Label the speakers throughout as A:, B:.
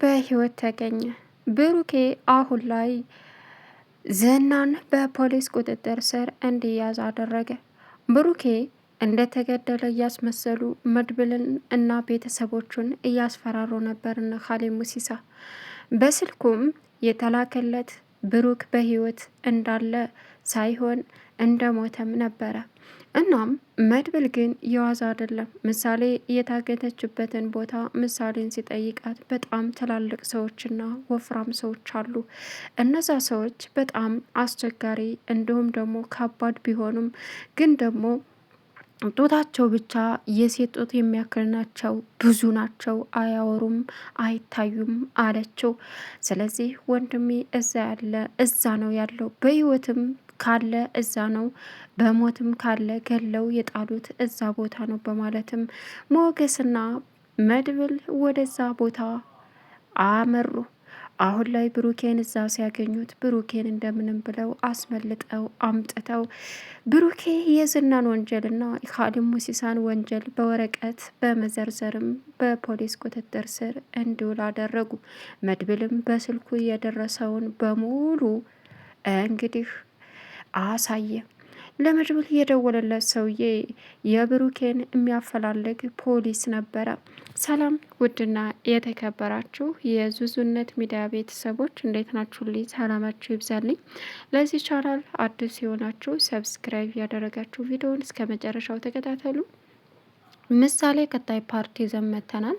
A: በህይወት ተገኘ። ብሩኬ አሁን ላይ ዝናን በፖሊስ ቁጥጥር ስር እንዲያዝ አደረገ። ብሩኬ እንደተገደለ እያስመሰሉ መድብልን እና ቤተሰቦቹን እያስፈራሩ ነበርና ካሌ ሙሲሳ በስልኩም የተላከለት ብሩክ በህይወት እንዳለ ሳይሆን እንደ ሞተም ነበረ። እናም መድብል ግን የዋዛ አይደለም። ምሳሌ የታገተችበትን ቦታ ምሳሌን ሲጠይቃት በጣም ትላልቅ ሰዎችና ወፍራም ሰዎች አሉ። እነዛ ሰዎች በጣም አስቸጋሪ እንዲሁም ደግሞ ከባድ ቢሆኑም ግን ደግሞ ጡታቸው ብቻ የሴት ጡት የሚያክል ናቸው። ብዙ ናቸው። አያወሩም፣ አይታዩም አለችው። ስለዚህ ወንድሜ እዛ ያለ እዛ ነው ያለው በህይወትም ካለ እዛ ነው፣ በሞትም ካለ ገለው የጣሉት እዛ ቦታ ነው በማለትም ሞገስና መድብል ወደዛ ቦታ አመሩ። አሁን ላይ ብሩኬን እዛ ሲያገኙት ብሩኬን እንደምንም ብለው አስመልጠው አምጥተው ብሩኬ የዝናን ወንጀልና የካሊም ሙሲሳን ወንጀል በወረቀት በመዘርዘርም በፖሊስ ቁጥጥር ስር እንዲውል አደረጉ። መድብልም በስልኩ የደረሰውን በሙሉ እንግዲህ አሳየ። ለመድብል የደወለለት ሰውዬ የብሩኬን የሚያፈላልግ ፖሊስ ነበረ። ሰላም ውድና የተከበራችሁ የዙዙነት ሚዲያ ቤተሰቦች እንዴት ናችሁልኝ? ሰላማችሁ ይብዛልኝ። ለዚህ ቻናል አዲስ የሆናችሁ ሰብስክራይብ ያደረጋችሁ ቪዲዮን እስከ መጨረሻው ተከታተሉ። ምሳሌ ቀጣይ ፓርቲ ዘመተናል።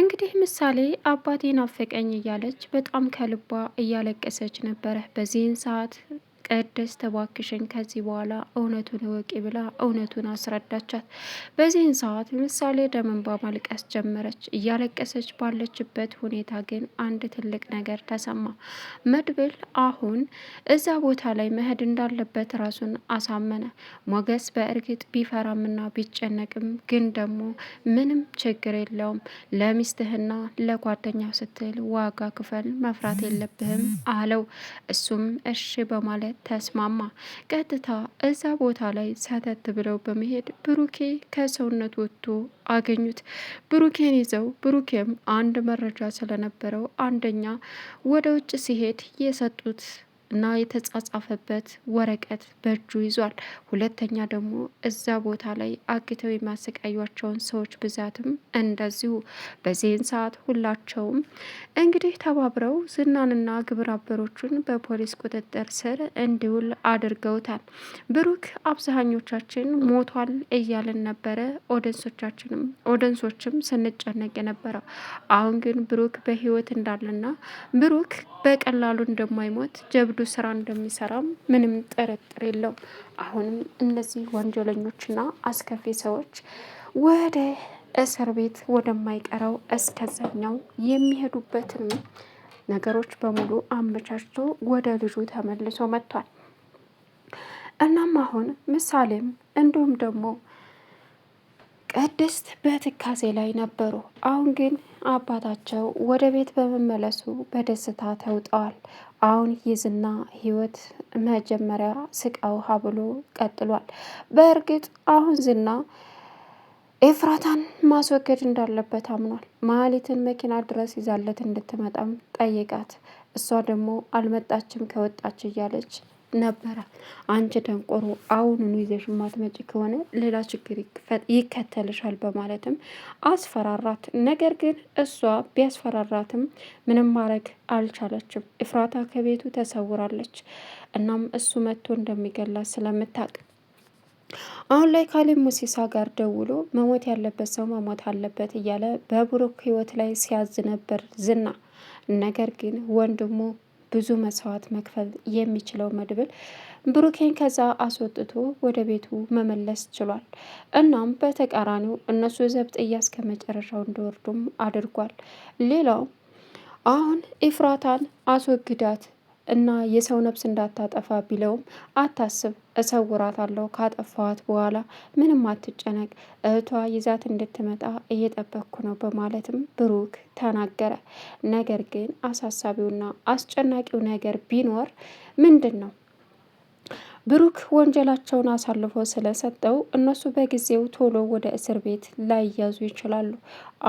A: እንግዲህ ምሳሌ አባቴን አፈቀኝ እያለች በጣም ከልቧ እያለቀሰች ነበረ። በዚህን ሰዓት ቅድስት ተባክሽን ከዚህ በኋላ እውነቱን እወቂ ብላ እውነቱን አስረዳቻት። በዚህን ሰዓት ምሳሌ ደም እንባ ማልቀስ ጀመረች። እያለቀሰች ባለችበት ሁኔታ ግን አንድ ትልቅ ነገር ተሰማ። መድብል አሁን እዛ ቦታ ላይ መሄድ እንዳለበት ራሱን አሳመነ። ሞገስ በእርግጥ ቢፈራምና ቢጨነቅም ግን ደግሞ ምንም ችግር የለውም ለሚስትህና ለጓደኛ ስትል ዋጋ ክፈል፣ መፍራት የለብህም አለው። እሱም እሺ በማለት ተስማማ። ቀጥታ እዛ ቦታ ላይ ሰተት ብለው በመሄድ ብሩኬ ከሰውነት ወጥቶ አገኙት። ብሩኬን ይዘው ብሩኬም አንድ መረጃ ስለነበረው አንደኛ ወደ ውጭ ሲሄድ የሰጡት እና የተጻጻፈበት ወረቀት በእጁ ይዟል። ሁለተኛ ደግሞ እዛ ቦታ ላይ አግተው የሚያሰቃያቸውን ሰዎች ብዛትም እንደዚሁ። በዚህን ሰዓት ሁላቸውም እንግዲህ ተባብረው ዝናንና ግብረ አበሮቹን በፖሊስ ቁጥጥር ስር እንዲውል አድርገውታል። ብሩክ አብዛኞቻችን ሞቷል እያልን ነበረ፣ ኦደንሶቻችንም ኦደንሶችም ስንጨነቅ የነበረው አሁን ግን ብሩክ በህይወት እንዳለና ብሩክ በቀላሉ እንደማይሞት ጀብ ሁሉ ስራ እንደሚሰራም ምንም ጥርጥር የለውም። አሁንም እነዚህ ወንጀለኞችና አስከፊ ሰዎች ወደ እስር ቤት ወደማይቀረው እስከዛኛው የሚሄዱበትን ነገሮች በሙሉ አመቻችቶ ወደ ልጁ ተመልሶ መጥቷል። እናም አሁን ምሳሌም እንዲሁም ደግሞ ቅድስት በትካዜ ላይ ነበሩ። አሁን ግን አባታቸው ወደ ቤት በመመለሱ በደስታ ተውጠዋል። አሁን የዝና ህይወት መጀመሪያ ስቃው ሀብሎ ቀጥሏል። በእርግጥ አሁን ዝና ኤፍራታን ማስወገድ እንዳለበት አምኗል። መሀሊትን መኪና ድረስ ይዛለት እንድትመጣም ጠይቃት፣ እሷ ደግሞ አልመጣችም ከወጣች እያለች ነበረ። አንቺ ደንቆሮ አሁኑኑ ይዘሽ ማትመጪ ከሆነ ሌላ ችግር ይከተልሻል በማለትም አስፈራራት። ነገር ግን እሷ ቢያስፈራራትም ምንም ማድረግ አልቻለችም። እፍራታ ከቤቱ ተሰውራለች። እናም እሱ መጥቶ እንደሚገላ ስለምታቅ አሁን ላይ ካሌብ ሙሲሳ ጋር ደውሎ መሞት ያለበት ሰው መሞት አለበት እያለ በብሩክ ህይወት ላይ ሲያዝ ነበር ዝና ነገር ግን ወንድሙ ብዙ መስዋዕት መክፈል የሚችለው መድብል ብሩኬን ከዛ አስወጥቶ ወደ ቤቱ መመለስ ችሏል። እናም በተቃራኒው እነሱ ዘብጥያ እስከ መጨረሻው እንዲወርዱም አድርጓል። ሌላው አሁን ኢፍራታን አስወግዳት እና የሰው ነፍስ እንዳታጠፋ ቢለውም አታስብ እሰውራታለሁ ካጠፋዋት በኋላ ምንም አትጨነቅ፣ እህቷ ይዛት እንድትመጣ እየጠበቅኩ ነው በማለትም ብሩክ ተናገረ። ነገር ግን አሳሳቢውና አስጨናቂው ነገር ቢኖር ምንድን ነው? ብሩክ ወንጀላቸውን አሳልፎ ስለሰጠው እነሱ በጊዜው ቶሎ ወደ እስር ቤት ላይያዙ ይችላሉ።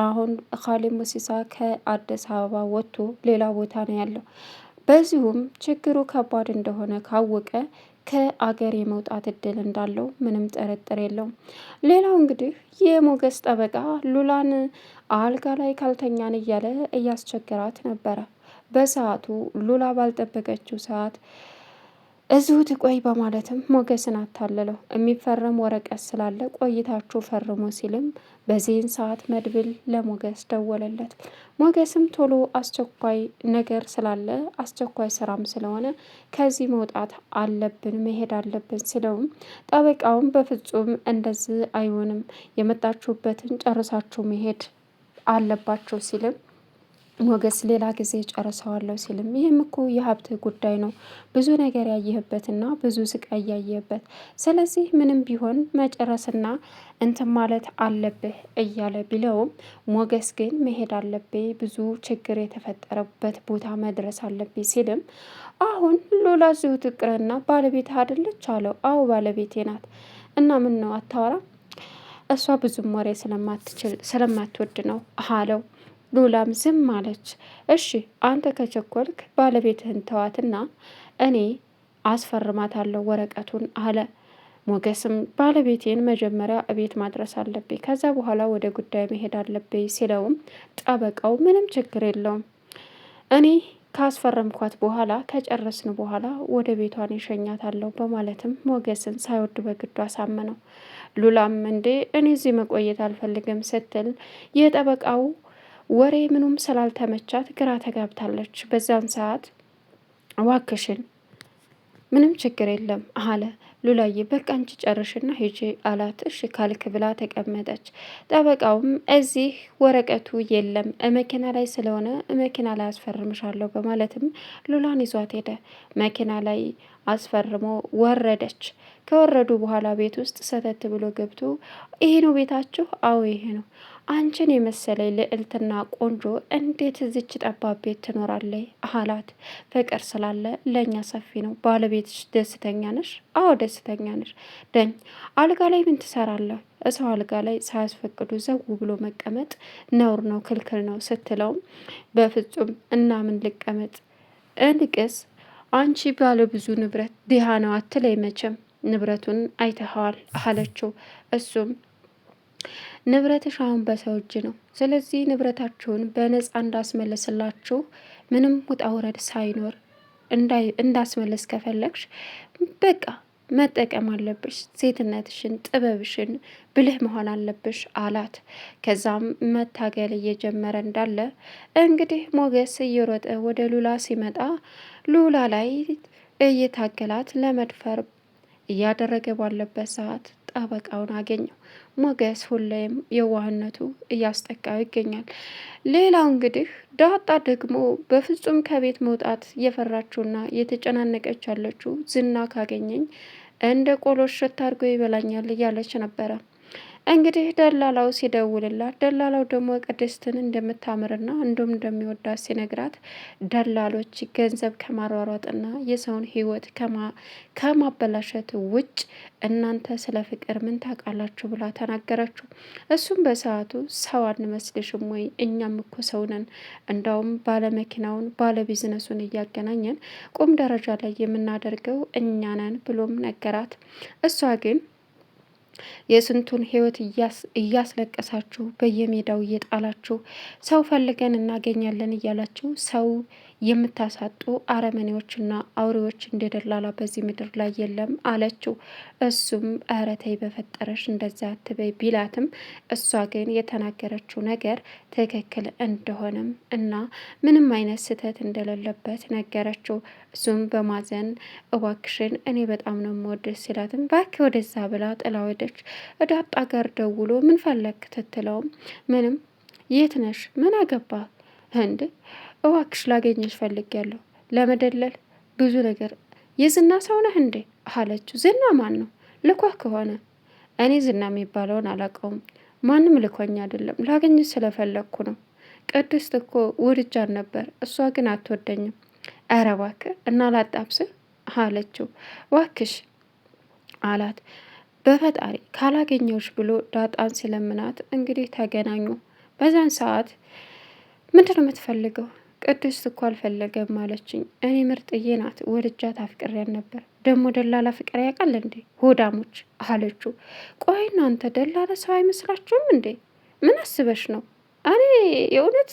A: አሁን ካሌ ሙሲሳ ከአዲስ አበባ ወጥቶ ሌላ ቦታ ነው ያለው። በዚሁም ችግሩ ከባድ እንደሆነ ካወቀ ከአገር የመውጣት እድል እንዳለው ምንም ጥርጥር የለውም። ሌላው እንግዲህ የሞገስ ጠበቃ ሉላን አልጋ ላይ ካልተኛን እያለ እያስቸገራት ነበረ። በሰዓቱ ሉላ ባልጠበቀችው ሰዓት እዚሁ ትቆይ በማለትም ሞገስን አታለለው። የሚፈረም ወረቀት ስላለ ቆይታችሁ ፈርሞ ሲልም በዚህን ሰዓት መድብል ለሞገስ ደወለለት። ሞገስም ቶሎ አስቸኳይ ነገር ስላለ አስቸኳይ ስራም ስለሆነ ከዚህ መውጣት አለብን መሄድ አለብን ሲለውም ጠበቃውም በፍጹም እንደዚህ አይሆንም፣ የመጣችሁበትን ጨርሳችሁ መሄድ አለባችሁ ሲልም ሞገስ ሌላ ጊዜ ጨርሰዋለሁ ሲልም ይህም እኮ የሀብት ጉዳይ ነው፣ ብዙ ነገር ያየህበትና ብዙ ስቃይ ያየህበት፣ ስለዚህ ምንም ቢሆን መጨረስና እንትን ማለት አለብህ እያለ ቢለውም ሞገስ ግን መሄድ አለብኝ፣ ብዙ ችግር የተፈጠረበት ቦታ መድረስ አለብኝ ሲልም አሁን ሉላ እዚሁ ትቅርና ባለቤት አይደለች አለው። አዎ ባለቤቴ ናት። እና ምን ነው አታወራ? እሷ ብዙም ወሬ ስለማትችል ስለማትወድ ነው አለው። ሉላም ዝም አለች። እሺ አንተ ከቸኮልክ ባለቤትህን ተዋትና እኔ አስፈርማታለሁ ወረቀቱን አለ። ሞገስም ባለቤቴን መጀመሪያ እቤት ማድረስ አለብኝ፣ ከዛ በኋላ ወደ ጉዳይ መሄድ አለብኝ ሲለውም ጠበቃው ምንም ችግር የለውም እኔ ካስፈረምኳት በኋላ ከጨረስን በኋላ ወደ ቤቷን ይሸኛታለሁ በማለትም ሞገስን ሳይወድ በግዱ አሳመነው። ሉላም እንዴ እኔ እዚህ መቆየት አልፈልግም ስትል የጠበቃው ወሬ ምኑም ስላልተመቻት ግራ ተጋብታለች። በዛን ሰዓት ዋክሽን ምንም ችግር የለም አለ ሉላዬ። በቃ አንቺ ጨርሽና ሂጂ አላት። እሺ ካልክ ብላ ተቀመጠች። ጠበቃውም እዚህ ወረቀቱ የለም መኪና ላይ ስለሆነ መኪና ላይ አስፈርምሻለሁ በማለትም ሉላን ይዟት ሄደ። መኪና ላይ አስፈርሞ ወረደች። ከወረዱ በኋላ ቤት ውስጥ ሰተት ብሎ ገብቶ ይሄ ነው ቤታችሁ? አዎ ይሄ ነው። አንቺን የመሰለ ልዕልትና ቆንጆ እንዴት እዚች ጠባብ ቤት ትኖራለች? አላት። ፍቅር ስላለ ለእኛ ሰፊ ነው። ባለቤትሽ ደስተኛ ነሽ? አዎ ደስተኛ ነሽ። ደኝ አልጋ ላይ ምን ትሰራለህ? እሰው አልጋ ላይ ሳያስፈቅዱ ዘው ብሎ መቀመጥ ነውር ነው፣ ክልክል ነው ስትለውም በፍጹም እና ምን ልቀመጥ እንቅስ አንቺ ባለ ብዙ ንብረት ድሃ ነው አትለይ መቼም ንብረቱን አይተኸዋል አለችው። እሱም ንብረትሽ አሁን በሰው እጅ ነው። ስለዚህ ንብረታችሁን በነፃ እንዳስመለስላችሁ ምንም ውጣ ውረድ ሳይኖር እንዳስመለስ ከፈለግሽ በቃ መጠቀም አለብሽ። ሴትነትሽን፣ ጥበብሽን ብልህ መሆን አለብሽ አላት። ከዛም መታገል እየጀመረ እንዳለ እንግዲህ ሞገስ እየሮጠ ወደ ሉላ ሲመጣ ሉላ ላይ እየታገላት ለመድፈር እያደረገ ባለበት ሰዓት ጠበቃውን አገኘው። ሞገስ ሁሌም የዋህነቱ እያስጠቃው ይገኛል። ሌላው እንግዲህ ዳጣ ደግሞ በፍጹም ከቤት መውጣት የፈራችውና የተጨናነቀች ያለችው ዝና ካገኘኝ እንደ ቆሎ ሸት አድርጎ ይበላኛል እያለች ነበረ። እንግዲህ ደላላው ሲደውልላት ደላላው ደግሞ ቅድስትን እንደምታምርና እንዲሁም እንደሚወዳት ሲነግራት ደላሎች ገንዘብ ከማሯሯጥና የሰውን ሕይወት ከማበላሸት ውጭ እናንተ ስለ ፍቅር ምን ታውቃላችሁ? ብላ ተናገረችው። እሱም በሰዓቱ ሰው አንመስልሽም ወይ? እኛም እኮ ሰው ነን። እንዳውም ባለመኪናውን ባለቢዝነሱን እያገናኘን ቁም ደረጃ ላይ የምናደርገው እኛ ነን ብሎም ነገራት። እሷ ግን የስንቱን ህይወት እያስለቀሳችሁ በየሜዳው እየጣላችሁ ሰው ፈልገን እናገኛለን እያላችሁ ሰው የምታሳጡ አረመኔዎችና አውሬዎች እንደደላላ በዚህ ምድር ላይ የለም አለችው። እሱም ኧረ ተይ በፈጠረሽ እንደዛ አትበይ ቢላትም እሷ ግን የተናገረችው ነገር ትክክል እንደሆነም እና ምንም አይነት ስህተት እንደሌለበት ነገረችው። እሱም በማዘን እባክሽን እኔ በጣም ነው የምወድሽ ሲላትም እባክህ ወደዛ ብላ ጥላ ወደች እዳጣ ጋር ደውሎ ምን ፈለግ ትትለውም ምንም የት ነሽ? ምን አገባ እንድ እባክሽ ላገኘሽ ያለሁ ለመደለል ብዙ ነገር የዝና ሰው ነህ እንዴ አለችው። ዝና ማን ነው? ልኳ ከሆነ እኔ ዝና የሚባለውን አላውቀውም። ማንም ልኮኝ አይደለም፣ ላገኝ ስለፈለግኩ ነው። ቅድስት እኮ ውድጃን ነበር፣ እሷ ግን አትወደኝም። ኧረ እባክህ እና ላጣብስህ አለችው። እባክሽ አላት በፈጣሪ ካላገኘዎች ብሎ ዳጣን ሲለምናት እንግዲህ ተገናኙ። በዛን ሰዓት ምንድን ነው የምትፈልገው ቅድስት እኮ አልፈለገም አለችኝ። እኔ ምርጥዬ ናት፣ ወድጃት አፍቅሬን ነበር። ደግሞ ደላላ ፍቅር ያውቃል እንዴ ሆዳሞች አለችው። ቆይ እናንተ ደላላ ሰው አይመስላችሁም እንዴ? ምን አስበሽ ነው? እኔ የእውነት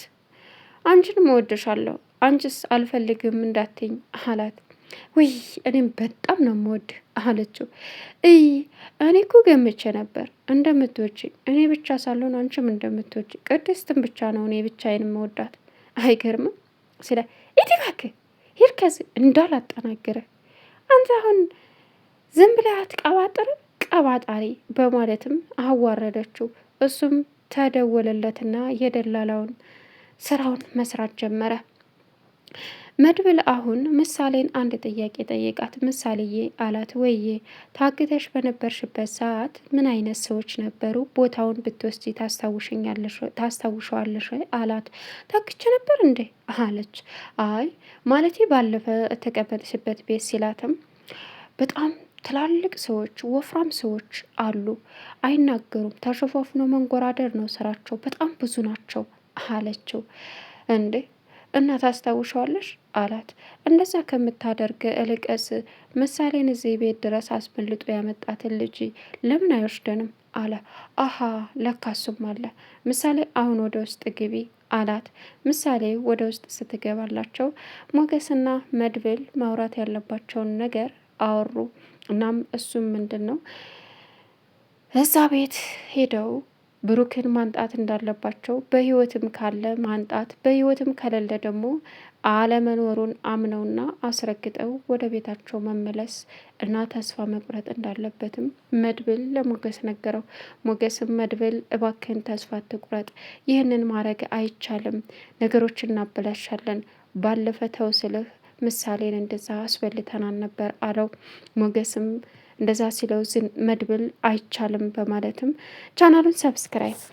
A: አንቺን እወድሻለሁ፣ አንቺስ አልፈልግም እንዳትኝ አላት። ውይ እኔም በጣም ነው መወድ አለችው። እይ እኔ እኮ ገምቼ ነበር እንደምትወጪኝ። እኔ ብቻ ሳልሆን አንቺም እንደምትወጪ። ቅድስትን ብቻ ነው እኔ ብቻዬን መወዳት። አይገርምም? ስለ ኢቲባክ ሂርከዝ ሂድ አንተ አሁን ዝም ብለህ አትቀባጥርም፣ ቀባጣሪ በማለትም አዋረደችው። እሱም ተደወለለትና የደላላውን ስራውን መስራት ጀመረ። መድብል አሁን ምሳሌን አንድ ጥያቄ ጠየቃት። ምሳሌዬ አላት። ወይዬ ታግተሽ በነበርሽበት ሰዓት ምን አይነት ሰዎች ነበሩ? ቦታውን ብትወስጂ ታስታውሸዋለሽ? አላት። ታግቼ ነበር እንዴ? አለች። አይ ማለቴ ባለፈ ተቀመጥሽበት ቤት ሲላትም በጣም ትላልቅ ሰዎች ወፍራም ሰዎች አሉ። አይናገሩም። ተሸፋፍኖ መንጎራደር ነው ስራቸው። በጣም ብዙ ናቸው አለችው። እንዴ እና ታስታውሻዋለሽ አላት። እንደዛ ከምታደርግ እልቀስ ምሳሌን እዚህ ቤት ድረስ አስመልጦ ያመጣትን ልጅ ለምን አይወስደንም አለ። አሃ ለካሱም አለ። ምሳሌ አሁን ወደ ውስጥ ግቢ አላት። ምሳሌ ወደ ውስጥ ስትገባላቸው ሞገስና መድብል ማውራት ያለባቸውን ነገር አወሩ። እናም እሱም ምንድን ነው እዛ ቤት ሄደው ብሩክን ማንጣት እንዳለባቸው በህይወትም ካለ ማንጣት በህይወትም ከሌለ ደግሞ አለመኖሩን አምነውና አስረግጠው ወደ ቤታቸው መመለስ እና ተስፋ መቁረጥ እንዳለበትም መድብል ለሞገስ ነገረው። ሞገስም መድብል እባክህን ተስፋ ትቁረጥ፣ ይህንን ማድረግ አይቻልም፣ ነገሮች እናበላሻለን፣ ባለፈ ተውስልህ ምሳሌን እንደዛ አስበልተናል ነበር አለው ሞገስም እንደዛ ሲለው መድብል አይቻልም በማለትም ቻናሉን ሰብስክራይብ